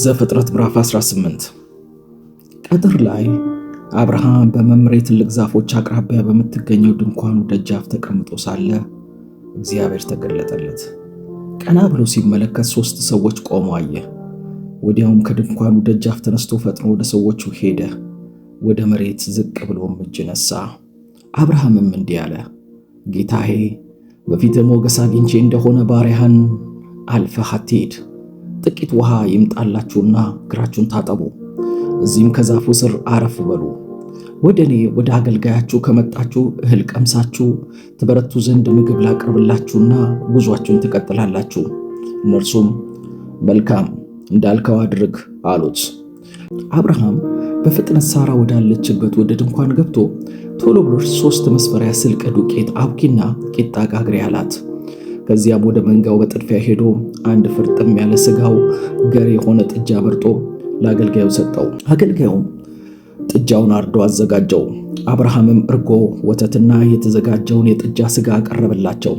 ዘፍጥረት ምዕራፍ 18 ቀጥር ላይ አብርሃም በመምሬ ትልቅ ዛፎች አቅራቢያ በምትገኘው ድንኳኑ ደጃፍ ተቀምጦ ሳለ እግዚአብሔር ተገለጠለት። ቀና ብሎ ሲመለከት ሦስት ሰዎች ቆመው አየ። ወዲያውም ከድንኳኑ ደጃፍ ተነስቶ ፈጥኖ ወደ ሰዎቹ ሄደ። ወደ መሬት ዝቅ ብሎም እጅ ነሳ። አብርሃምም እንዲህ አለ፣ ጌታዬ በፊትህ ሞገስ አግኝቼ እንደሆነ ባሪያህን አልፈህ አትሂድ ጥቂት ውሃ ይምጣላችሁና እግራችሁን ታጠቡ፣ እዚህም ከዛፉ ስር አረፍ በሉ። ወደ እኔ ወደ አገልጋያችሁ ከመጣችሁ እህል ቀምሳችሁ ትበረቱ ዘንድ ምግብ ላቅርብላችሁና ጉዟችሁን ትቀጥላላችሁ። እነርሱም መልካም እንዳልከው አድርግ አሉት። አብርሃም በፍጥነት ሳራ ወዳለችበት ወደ ድንኳን ገብቶ ቶሎ ብሎ ሶስት መስፈሪያ ስልቅ ዱቄት አብኪና ቂጣ ጋግሬ አላት። ከዚያም ወደ መንጋው በጥድፊያ ሄዶ አንድ ፍርጥም ያለ ስጋው ገር የሆነ ጥጃ በርጦ ለአገልጋዩ ሰጠው። አገልጋዩም ጥጃውን አርዶ አዘጋጀው። አብርሃምም እርጎ፣ ወተትና የተዘጋጀውን የጥጃ ስጋ አቀረበላቸው።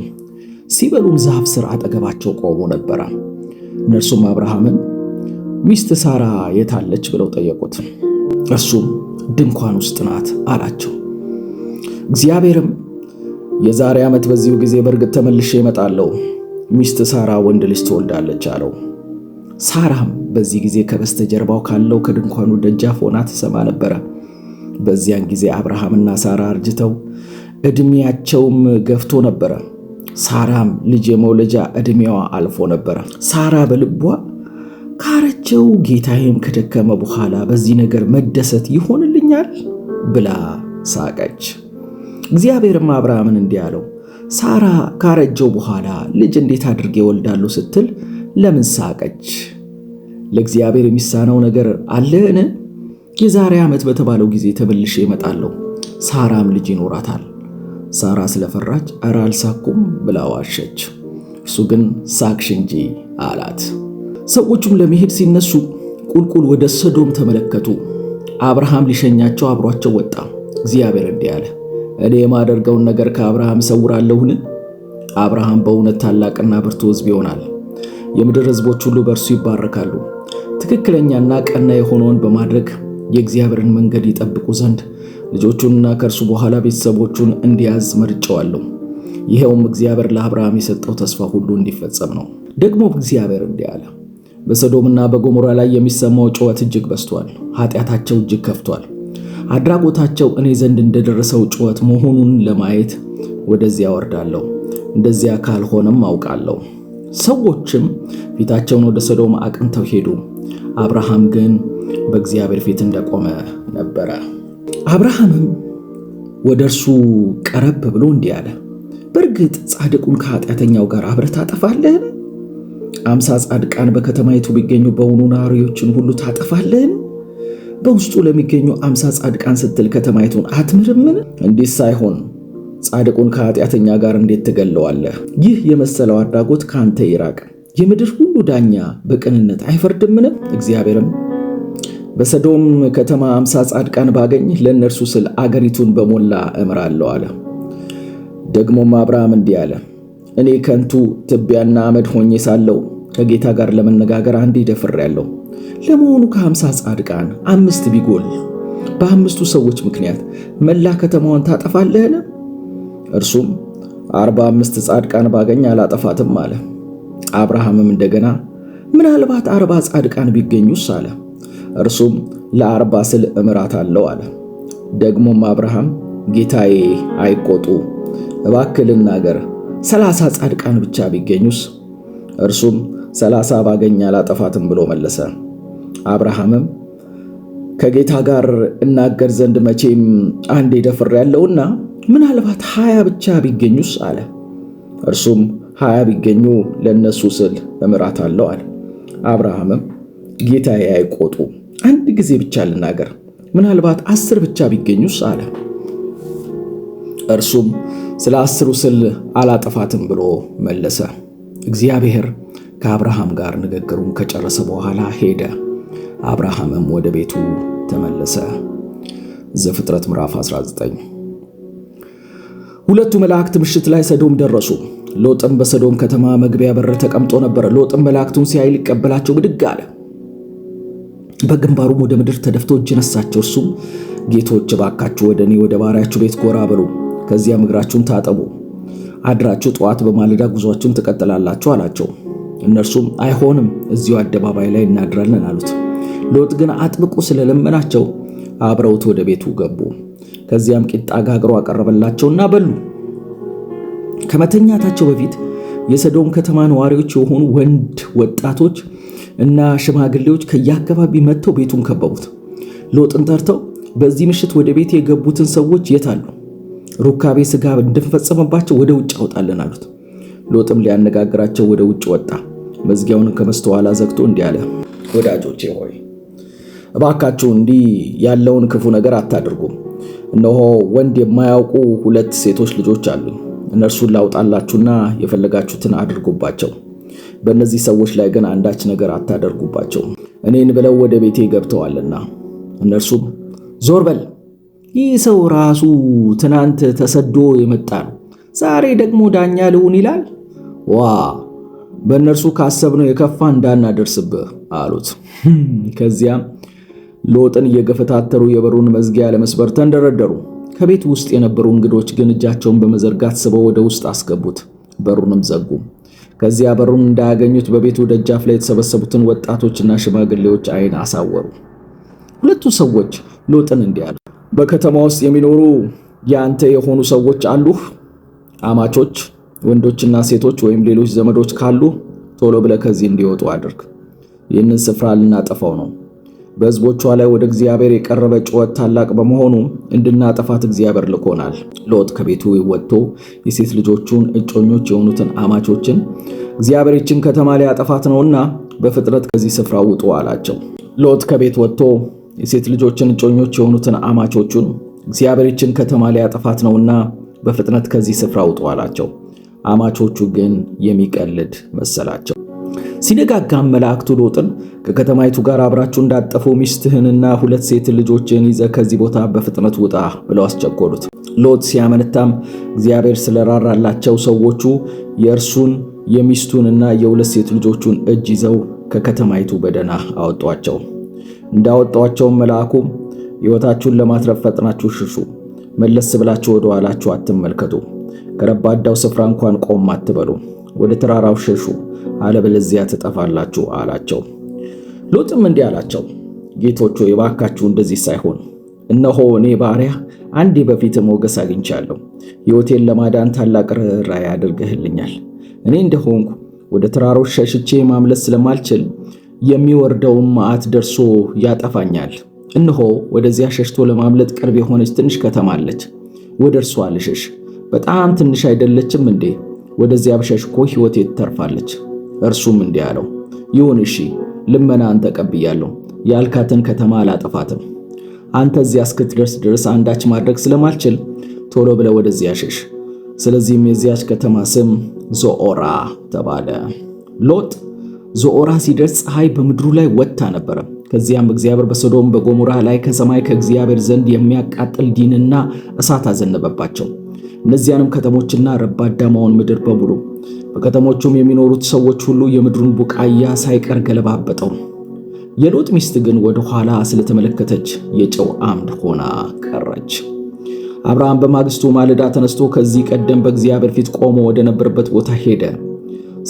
ሲበሉም ዛፍ ስር አጠገባቸው ቆሞ ነበረ። እነርሱም አብርሃምን ሚስት ሳራ የታለች ብለው ጠየቁት። እርሱም ድንኳን ውስጥ ናት አላቸው። እግዚአብሔርም የዛሬ ዓመት በዚሁ ጊዜ በእርግጥ ተመልሼ እመጣለሁ፣ ሚስት ሳራ ወንድ ልጅ ትወልዳለች አለው። ሳራም በዚህ ጊዜ ከበስተጀርባው ካለው ከድንኳኑ ደጃፍ ሆና ትሰማ ነበረ። በዚያን ጊዜ አብርሃምና ሳራ አርጅተው ዕድሜያቸውም ገፍቶ ነበረ። ሳራም ልጅ የመውለጃ ዕድሜዋ አልፎ ነበረ። ሳራ በልቧ ካረጀው ጌታዬም ከደከመ በኋላ በዚህ ነገር መደሰት ይሆንልኛል ብላ ሳቀች። እግዚአብሔርም አብርሃምን እንዲህ አለው፣ ሳራ ካረጀው በኋላ ልጅ እንዴት አድርጌ ወልዳለሁ ስትል ለምን ሳቀች? ለእግዚአብሔር የሚሳነው ነገር አለን? የዛሬ ዓመት በተባለው ጊዜ ተመልሼ እመጣለሁ፣ ሳራም ልጅ ይኖራታል። ሳራ ስለፈራች እረ አልሳኩም ብላ ዋሸች። እሱ ግን ሳቅሽ እንጂ አላት። ሰዎቹም ለመሄድ ሲነሱ ቁልቁል ወደ ሰዶም ተመለከቱ። አብርሃም ሊሸኛቸው አብሯቸው ወጣ። እግዚአብሔር እንዲህ አለ እኔ የማደርገውን ነገር ከአብርሃም እሰውራለሁን? አብርሃም በእውነት ታላቅና ብርቱ ሕዝብ ይሆናል። የምድር ሕዝቦች ሁሉ በእርሱ ይባረካሉ። ትክክለኛና ቀና የሆነውን በማድረግ የእግዚአብሔርን መንገድ ይጠብቁ ዘንድ ልጆቹንና ከእርሱ በኋላ ቤተሰቦቹን እንዲያዝ መርጨዋለሁ። ይኸውም እግዚአብሔር ለአብርሃም የሰጠው ተስፋ ሁሉ እንዲፈጸም ነው። ደግሞ እግዚአብሔር እንዲህ አለ፣ በሰዶምና በጎሞራ ላይ የሚሰማው ጩኸት እጅግ በዝቷል፣ ኃጢአታቸው እጅግ ከፍቷል። አድራጎታቸው እኔ ዘንድ እንደደረሰው ጩኸት መሆኑን ለማየት ወደዚያ ወርዳለሁ። እንደዚያ ካልሆነም አውቃለሁ። ሰዎችም ፊታቸውን ወደ ሰዶም አቅንተው ሄዱ። አብርሃም ግን በእግዚአብሔር ፊት እንደቆመ ነበረ። አብርሃምም ወደ እርሱ ቀረብ ብሎ እንዲህ አለ፣ በእርግጥ ጻድቁን ከኃጢአተኛው ጋር አብረህ ታጠፋለህን? አምሳ ጻድቃን በከተማይቱ ቢገኙ በውኑ ናሪዎችን ሁሉ ታጠፋለህን? በውስጡ ለሚገኙ አምሳ ጻድቃን ስትል ከተማይቱን አትምርምን? እንዲህ ሳይሆን ጻድቁን ከኃጢአተኛ ጋር እንዴት ትገለዋለህ? ይህ የመሰለው አድራጎት ከአንተ ይራቅ። የምድር ሁሉ ዳኛ በቅንነት አይፈርድምን? እግዚአብሔርም በሰዶም ከተማ አምሳ ጻድቃን ባገኝ ለእነርሱ ስል አገሪቱን በሞላ እምራለሁ አለ። ደግሞም አብርሃም እንዲህ አለ፣ እኔ ከንቱ ትቢያና አመድ ሆኜ ሳለው ከጌታ ጋር ለመነጋገር አንዴ ደፍሬያለሁ። ለመሆኑ ከ50 ጻድቃን አምስት ቢጎል በአምስቱ ሰዎች ምክንያት መላ ከተማዋን ታጠፋለህን? እርሱም አርባ አምስት ጻድቃን ባገኝ አላጠፋትም አለ። አብርሃምም እንደገና ምናልባት አርባ ጻድቃን ቢገኙስ አለ። እርሱም ለአርባ ስል እምራት አለው አለ። ደግሞም አብርሃም ጌታዬ አይቆጡ እባክህ ልናገር፣ ሰላሳ ጻድቃን ብቻ ቢገኙስ? እርሱም ሰላሳ ባገኝ አላጠፋትም ብሎ መለሰ። አብርሃምም ከጌታ ጋር እናገር ዘንድ መቼም አንዴ ደፍር ያለውና ምናልባት ሀያ ብቻ ቢገኙስ አለ። እርሱም ሀያ ቢገኙ ለእነሱ ስል እምራት አለው አለ። አብርሃምም ጌታዬ አይቆጡ፣ አንድ ጊዜ ብቻ ልናገር፣ ምናልባት አስር ብቻ ቢገኙስ አለ። እርሱም ስለ አስሩ ስል አላጠፋትም ብሎ መለሰ። እግዚአብሔር ከአብርሃም ጋር ንግግሩን ከጨረሰ በኋላ ሄደ። አብርሃምም ወደ ቤቱ ተመለሰ። ዘፍጥረት ምዕራፍ 19 ሁለቱ መላእክት ምሽት ላይ ሰዶም ደረሱ። ሎጥም በሰዶም ከተማ መግቢያ በር ተቀምጦ ነበር። ሎጥም መላእክቱን ሲያይ ሊቀበላቸው ብድግ አለ። በግንባሩም ወደ ምድር ተደፍቶ እጅ ነሳቸው። እርሱም ጌቶች ባካችሁ ወደ እኔ ወደ ባሪያችሁ ቤት ጎራ በሉ፣ ከዚያም እግራችሁን ታጠቡ፣ አድራችሁ ጠዋት በማለዳ ጉዟችሁን ትቀጥላላችሁ አላቸው። እነርሱም አይሆንም፣ እዚሁ አደባባይ ላይ እናድራለን አሉት። ሎጥ ግን አጥብቆ ስለለመናቸው አብረውት ወደ ቤቱ ገቡ። ከዚያም ቂጣ ጋግሮ አቀረበላቸውና በሉ። ከመተኛታቸው በፊት የሰዶም ከተማ ነዋሪዎች የሆኑ ወንድ ወጣቶች እና ሽማግሌዎች ከየአካባቢ መጥተው ቤቱን ከበቡት። ሎጥን ጠርተው በዚህ ምሽት ወደ ቤት የገቡትን ሰዎች የት አሉ? ሩካቤ ስጋ እንደፈጸመባቸው ወደ ውጭ አውጣለን አሉት። ሎጥም ሊያነጋግራቸው ወደ ውጭ ወጣ። መዝጊያውን ከመስተዋላ ዘግቶ እንዲህ አለ፣ ወዳጆቼ ሆይ እባካችሁ እንዲህ ያለውን ክፉ ነገር አታድርጉ። እነሆ ወንድ የማያውቁ ሁለት ሴቶች ልጆች አሉ። እነርሱን ላውጣላችሁና የፈለጋችሁትን አድርጉባቸው። በእነዚህ ሰዎች ላይ ግን አንዳች ነገር አታደርጉባቸው፣ እኔን ብለው ወደ ቤቴ ገብተዋልና። እነርሱም ዞር በል፣ ይህ ሰው ራሱ ትናንት ተሰዶ የመጣ ነው፣ ዛሬ ደግሞ ዳኛ ልሁን ይላል ዋ በእነርሱ ካሰብነው የከፋ እንዳናደርስብህ አሉት። ከዚያም ሎጥን እየገፈታተሩ የበሩን መዝጊያ ለመስበር ተንደረደሩ። ከቤት ውስጥ የነበሩ እንግዶች ግን እጃቸውን በመዘርጋት ስበው ወደ ውስጥ አስገቡት፣ በሩንም ዘጉ። ከዚያ በሩን እንዳያገኙት በቤቱ ደጃፍ ላይ የተሰበሰቡትን ወጣቶችና ሽማግሌዎች ዓይን አሳወሩ። ሁለቱ ሰዎች ሎጥን እንዲህ አሉ፣ በከተማ ውስጥ የሚኖሩ የአንተ የሆኑ ሰዎች አሉህ? አማቾች ወንዶችና ሴቶች ወይም ሌሎች ዘመዶች ካሉ ቶሎ ብለ ከዚህ እንዲወጡ አድርግ። ይህንን ስፍራ ልናጠፋው ነው። በሕዝቦቿ ላይ ወደ እግዚአብሔር የቀረበ ጩኸት ታላቅ በመሆኑ እንድናጠፋት እግዚአብሔር ልኮናል። ሎጥ ከቤቱ ወጥቶ የሴት ልጆቹን እጮኞች የሆኑትን አማቾችን እግዚአብሔር ይችን ከተማ ሊያጠፋት ነውና በፍጥነት ከዚህ ስፍራ ውጡ አላቸው። ሎጥ ከቤት ወጥቶ የሴት ልጆችን እጮኞች የሆኑትን አማቾቹን እግዚአብሔር ይችን ከተማ ሊያጠፋት ነውና በፍጥነት ከዚህ ስፍራ ውጡ አላቸው። አማቾቹ ግን የሚቀልድ መሰላቸው። ሲነጋጋም መላእክቱ ሎጥን ከከተማይቱ ጋር አብራችሁ እንዳጠፈው ሚስትህንና ሁለት ሴት ልጆችን ይዘ ከዚህ ቦታ በፍጥነት ውጣ ብለው አስቸኮሉት። ሎጥ ሲያመነታም እግዚአብሔር ስለራራላቸው ሰዎቹ የእርሱን የሚስቱንና የሁለት ሴት ልጆቹን እጅ ይዘው ከከተማይቱ በደና አወጧቸው። እንዳወጧቸውም መልአኩም ሕይወታችሁን ለማትረፍ ፈጥናችሁ ሽሹ፣ መለስ ብላችሁ ወደ ኋላችሁ አትመልከቱ ከረባዳው ስፍራ እንኳን ቆም አትበሉ፣ ወደ ተራራው ሸሹ፣ አለበለዚያ ትጠፋላችሁ አላቸው። ሎጥም እንዲህ አላቸው፣ ጌቶቹ የባካችሁ እንደዚህ ሳይሆን እነሆ እኔ ባሪያ አንዴ በፊት ሞገስ አግኝቻለሁ። ሕይወቴን ለማዳን ታላቅ ርኅራኄ አድርገህልኛል። እኔ እንደሆንኩ ወደ ተራሮች ሸሽቼ ማምለስ ስለማልችል የሚወርደውን መዓት ደርሶ ያጠፋኛል። እነሆ ወደዚያ ሸሽቶ ለማምለጥ ቅርብ የሆነች ትንሽ ከተማ አለች። ወደ እርሷ ልሸሽ በጣም ትንሽ አይደለችም እንዴ? ወደዚያ ብሸሽ እኮ ሕይወቴ ትተርፋለች። እርሱም እንዲህ አለው፣ ይሁን እሺ፣ ልመናን ተቀብያለሁ። ያልካትን ከተማ አላጠፋትም። አንተ እዚያ እስክትደርስ ድረስ አንዳች ማድረግ ስለማልችል ቶሎ ብለ ወደዚያ ሸሽ። ስለዚህም የዚያች ከተማ ስም ዞኦራ ተባለ። ሎጥ ዞኦራ ሲደርስ ፀሐይ በምድሩ ላይ ወጥታ ነበረ። ከዚያም እግዚአብሔር በሶዶም በጎሞራ ላይ ከሰማይ ከእግዚአብሔር ዘንድ የሚያቃጥል ዲንና እሳት አዘነበባቸው። እነዚያንም ከተሞችና ረባዳማውን ምድር በሙሉ በከተሞቹም የሚኖሩት ሰዎች ሁሉ የምድሩን ቡቃያ ሳይቀር ገለባበጠው። የሎጥ ሚስት ግን ወደ ኋላ ስለተመለከተች የጨው አምድ ሆና ቀረች። አብርሃም በማግስቱ ማለዳ ተነስቶ ከዚህ ቀደም በእግዚአብሔር ፊት ቆሞ ወደ ነበረበት ቦታ ሄደ።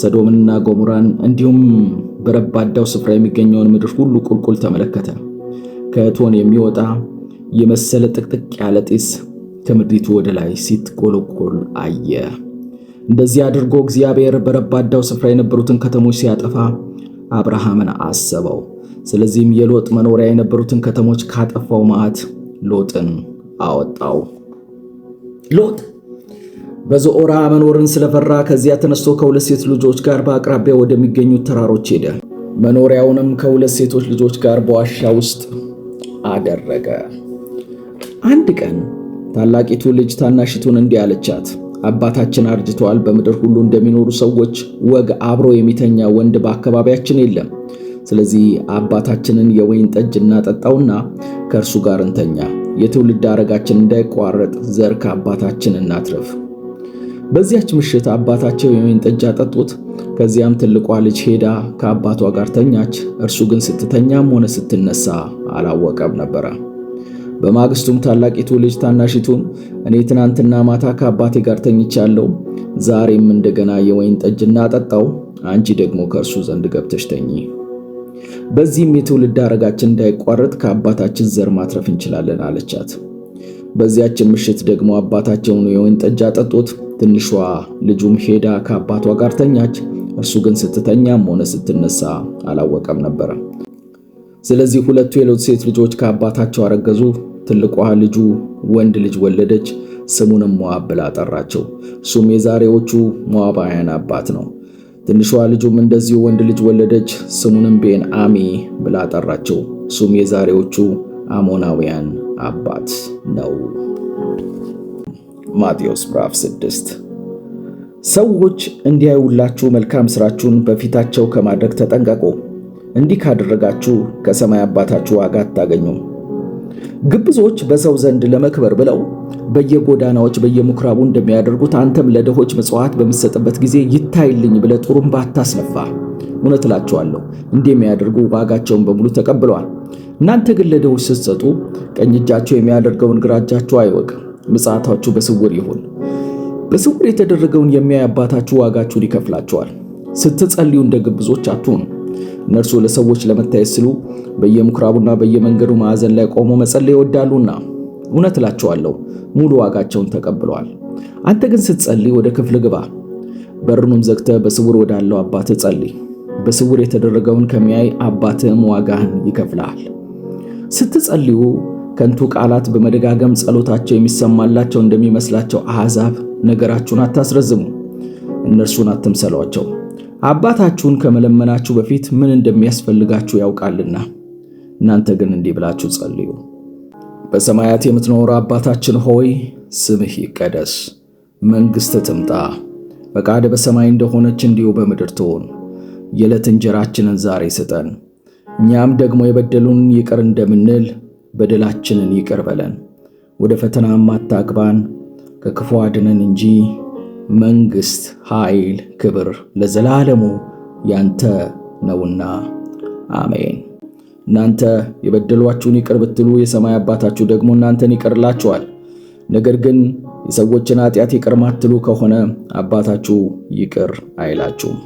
ሰዶምንና ገሞራን እንዲሁም በረባዳው ስፍራ የሚገኘውን ምድር ሁሉ ቁልቁል ተመለከተ። ከእቶን የሚወጣ የመሰለ ጥቅጥቅ ያለ ጢስ ከምድሪቱ ወደ ላይ ሲትቆለቆል አየ። እንደዚህ አድርጎ እግዚአብሔር በረባዳው ስፍራ የነበሩትን ከተሞች ሲያጠፋ አብርሃምን አሰበው። ስለዚህም የሎጥ መኖሪያ የነበሩትን ከተሞች ካጠፋው መዓት ሎጥን አወጣው። ሎጥ በዞኦራ መኖርን ስለፈራ ከዚያ ተነስቶ ከሁለት ሴት ልጆች ጋር በአቅራቢያ ወደሚገኙት ተራሮች ሄደ። መኖሪያውንም ከሁለት ሴቶች ልጆች ጋር በዋሻ ውስጥ አደረገ። አንድ ቀን ታላቂቱ ልጅ ታናሽቱን እንዲህ አለቻት፣ አባታችን አርጅተዋል። በምድር ሁሉ እንደሚኖሩ ሰዎች ወግ አብሮ የሚተኛ ወንድ በአካባቢያችን የለም። ስለዚህ አባታችንን የወይን ጠጅ እናጠጣውና ከእርሱ ጋር እንተኛ። የትውልድ አረጋችን እንዳይቋረጥ ዘር ከአባታችን እናትረፍ። በዚያች ምሽት አባታቸው የወይን ጠጅ አጠጡት። ከዚያም ትልቋ ልጅ ሄዳ ከአባቷ ጋር ተኛች። እርሱ ግን ስትተኛም ሆነ ስትነሳ አላወቀም ነበረ። በማግስቱም ታላቂቱ ልጅ ታናሺቱን እኔ ትናንትና ማታ ከአባቴ ጋር ተኝቻለሁ፣ ዛሬም እንደገና የወይን ጠጅ እናጠጣው፣ አንቺ ደግሞ ከእርሱ ዘንድ ገብተሽ ተኚ። በዚህም የትውልድ አረጋችን እንዳይቋረጥ ከአባታችን ዘር ማትረፍ እንችላለን አለቻት። በዚያችን ምሽት ደግሞ አባታቸውን የወይን ጠጅ አጠጡት። ትንሿ ልጁም ሄዳ ከአባቷ ጋር ተኛች። እርሱ ግን ስትተኛም ሆነ ስትነሳ አላወቀም ነበረ። ስለዚህ ሁለቱ የሎጥ ሴት ልጆች ከአባታቸው አረገዙ። ትልቋ ልጁ ወንድ ልጅ ወለደች። ስሙንም ሞዓብ ብላ ጠራቸው። እሱም የዛሬዎቹ ሞዓባውያን አባት ነው። ትንሿ ልጁም እንደዚሁ ወንድ ልጅ ወለደች። ስሙንም ቤን አሚ ብላ ጠራቸው። እሱም የዛሬዎቹ አሞናውያን አባት ነው። ማቴዎስ ምዕራፍ 6 ሰዎች እንዲያዩላችሁ መልካም ሥራችሁን በፊታቸው ከማድረግ ተጠንቀቁ። እንዲህ ካደረጋችሁ ከሰማይ አባታችሁ ዋጋ አታገኙም። ግብዞች በሰው ዘንድ ለመክበር ብለው በየጎዳናዎች በየምኩራቡ እንደሚያደርጉት አንተም ለደሆች ምጽዋት በምትሰጥበት ጊዜ ይታይልኝ ብለ ጥሩም አታስነፋ። እውነት እላቸዋለሁ እንዲህ የሚያደርጉ ዋጋቸውን በሙሉ ተቀብለዋል። እናንተ ግን ለደሆች ስትሰጡ ቀኝ እጃቸው የሚያደርገውን ግራ እጃቸው አይወቅ፣ ምጽዋታችሁ በስውር ይሁን። በስውር የተደረገውን የሚያይ አባታችሁ ዋጋችሁን ይከፍላቸዋል ስትጸልዩ እንደ ግብዞች አትሁኑ። እነርሱ ለሰዎች ለመታየት ሲሉ በየምኩራቡና በየመንገዱ ማዕዘን ላይ ቆሞ መጸለይ ይወዳሉና እውነት እላቸዋለሁ ሙሉ ዋጋቸውን ተቀብለዋል። አንተ ግን ስትጸልይ ወደ ክፍል ግባ፣ በርኑም ዘግተ በስውር ወዳለው አባት ጸልይ። በስውር የተደረገውን ከሚያይ አባትም ዋጋህን ይከፍልሃል። ስትጸልዩ ከንቱ ቃላት በመደጋገም ጸሎታቸው የሚሰማላቸው እንደሚመስላቸው አሕዛብ ነገራችሁን አታስረዝሙ፣ እነርሱን አትምሰሏቸው። አባታችሁን ከመለመናችሁ በፊት ምን እንደሚያስፈልጋችሁ ያውቃልና እናንተ ግን እንዲህ ብላችሁ ጸልዩ። በሰማያት የምትኖር አባታችን ሆይ ስምህ ይቀደስ፣ መንግሥት ትምጣ፣ ፈቃድ በሰማይ እንደሆነች እንዲሁ በምድር ትሆን። የዕለት እንጀራችንን ዛሬ ስጠን፣ እኛም ደግሞ የበደሉን ይቅር እንደምንል በደላችንን ይቅር በለን፣ ወደ ፈተናም አታግባን፣ ከክፉ አድነን እንጂ መንግሥት፣ ኃይል፣ ክብር ለዘላለሙ ያንተ ነውና አሜን። እናንተ የበደሏችሁን ይቅር ብትሉ የሰማይ አባታችሁ ደግሞ እናንተን ይቅርላችኋል። ነገር ግን የሰዎችን ኃጢአት ይቅር ማትሉ ከሆነ አባታችሁ ይቅር አይላችሁም።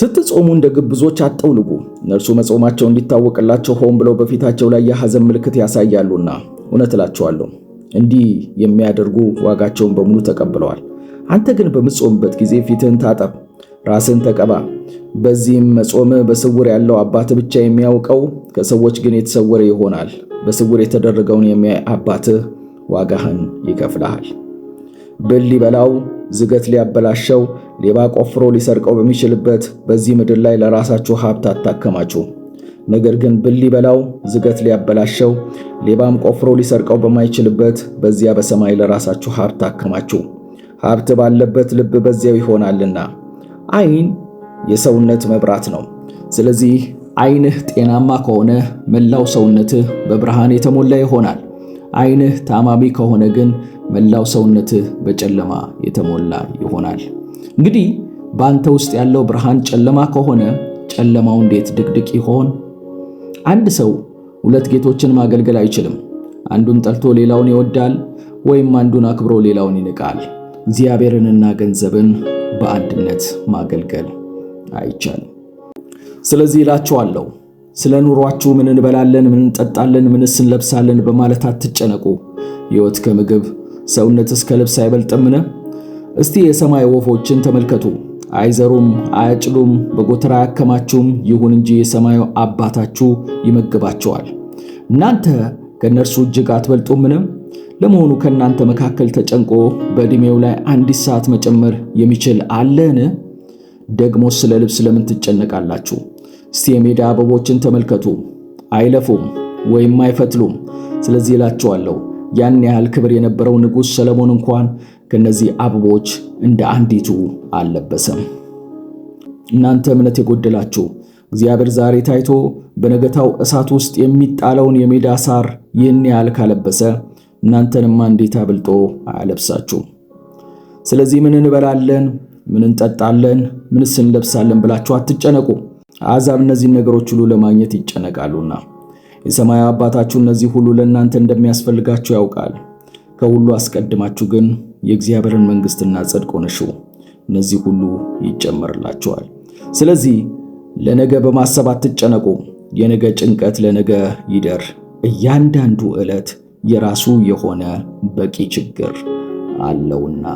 ስትጾሙ እንደ ግብዞች አትጠውልጉ፣ እነርሱ መጾማቸው እንዲታወቅላቸው ሆን ብለው በፊታቸው ላይ የሐዘን ምልክት ያሳያሉና። እውነት እላችኋለሁ እንዲህ የሚያደርጉ ዋጋቸውን በሙሉ ተቀብለዋል። አንተ ግን በምጾምበት ጊዜ ፊትህን ታጠብ፣ ራስን ተቀባ። በዚህም መጾም በስውር ያለው አባት ብቻ የሚያውቀው ከሰዎች ግን የተሰወረ ይሆናል። በስውር የተደረገውን የሚያይ አባትህ ዋጋህን ይከፍልሃል። ብል ሊበላው ዝገት ሊያበላሸው ሌባ ቆፍሮ ሊሰርቀው በሚችልበት በዚህ ምድር ላይ ለራሳችሁ ሀብት አታከማችሁ። ነገር ግን ብል ሊበላው ዝገት ሊያበላሸው ሌባም ቆፍሮ ሊሰርቀው በማይችልበት በዚያ በሰማይ ለራሳችሁ ሀብት አከማችሁ። ሀብት ባለበት ልብ በዚያው ይሆናልና። ዓይን የሰውነት መብራት ነው። ስለዚህ ዓይንህ ጤናማ ከሆነ መላው ሰውነትህ በብርሃን የተሞላ ይሆናል። ዓይንህ ታማሚ ከሆነ ግን መላው ሰውነትህ በጨለማ የተሞላ ይሆናል። እንግዲህ በአንተ ውስጥ ያለው ብርሃን ጨለማ ከሆነ ጨለማው እንዴት ድቅድቅ ይሆን? አንድ ሰው ሁለት ጌቶችን ማገልገል አይችልም። አንዱን ጠልቶ ሌላውን ይወዳል፣ ወይም አንዱን አክብሮ ሌላውን ይንቃል። እግዚአብሔርንና ገንዘብን በአንድነት ማገልገል አይቻልም። ስለዚህ እላችኋለሁ ስለ ኑሯችሁ ምን እንበላለን፣ ምን እንጠጣለን፣ ምንስ እንለብሳለን በማለት አትጨነቁ። ሕይወት ከምግብ እስከ ልብስ አይበልጥምን? እስቲ የሰማይ ወፎችን ተመልከቱ። አይዘሩም፣ አያጭዱም፣ በጎተራ አያከማችሁም ይሁን እንጂ የሰማዩ አባታችሁ ይመግባቸዋል። እናንተ ከእነርሱ እጅግ አትበልጡምንም? ለመሆኑ ከእናንተ መካከል ተጨንቆ በእድሜው ላይ አንዲት ሰዓት መጨመር የሚችል አለን? ደግሞ ስለ ልብስ ለምን ትጨነቃላችሁ? እስቲ የሜዳ አበቦችን ተመልከቱ። አይለፉም ወይም አይፈትሉም። ስለዚህ እላችኋለሁ ያን ያህል ክብር የነበረው ንጉሥ ሰለሞን እንኳን ከነዚህ አበቦች እንደ አንዲቱ አልለበሰም። እናንተ እምነት የጎደላችሁ እግዚአብሔር ዛሬ ታይቶ በነገታው እሳት ውስጥ የሚጣለውን የሜዳ ሳር ይህን ያህል ካለበሰ እናንተንማ እንዴት አብልጦ አያለብሳችሁም። ስለዚህ ምን እንበላለን፣ ምን እንጠጣለን፣ ምንስ እንለብሳለን ብላችሁ አትጨነቁ። አሕዛብ እነዚህን ነገሮች ሁሉ ለማግኘት ይጨነቃሉና የሰማያዊ አባታችሁ እነዚህ ሁሉ ለእናንተ እንደሚያስፈልጋችሁ ያውቃል። ከሁሉ አስቀድማችሁ ግን የእግዚአብሔርን መንግሥትና ጽድቁን እሹ፣ እነዚህ ሁሉ ይጨመርላችኋል። ስለዚህ ለነገ በማሰብ አትጨነቁ፣ የነገ ጭንቀት ለነገ ይደር። እያንዳንዱ ዕለት የራሱ የሆነ በቂ ችግር አለውና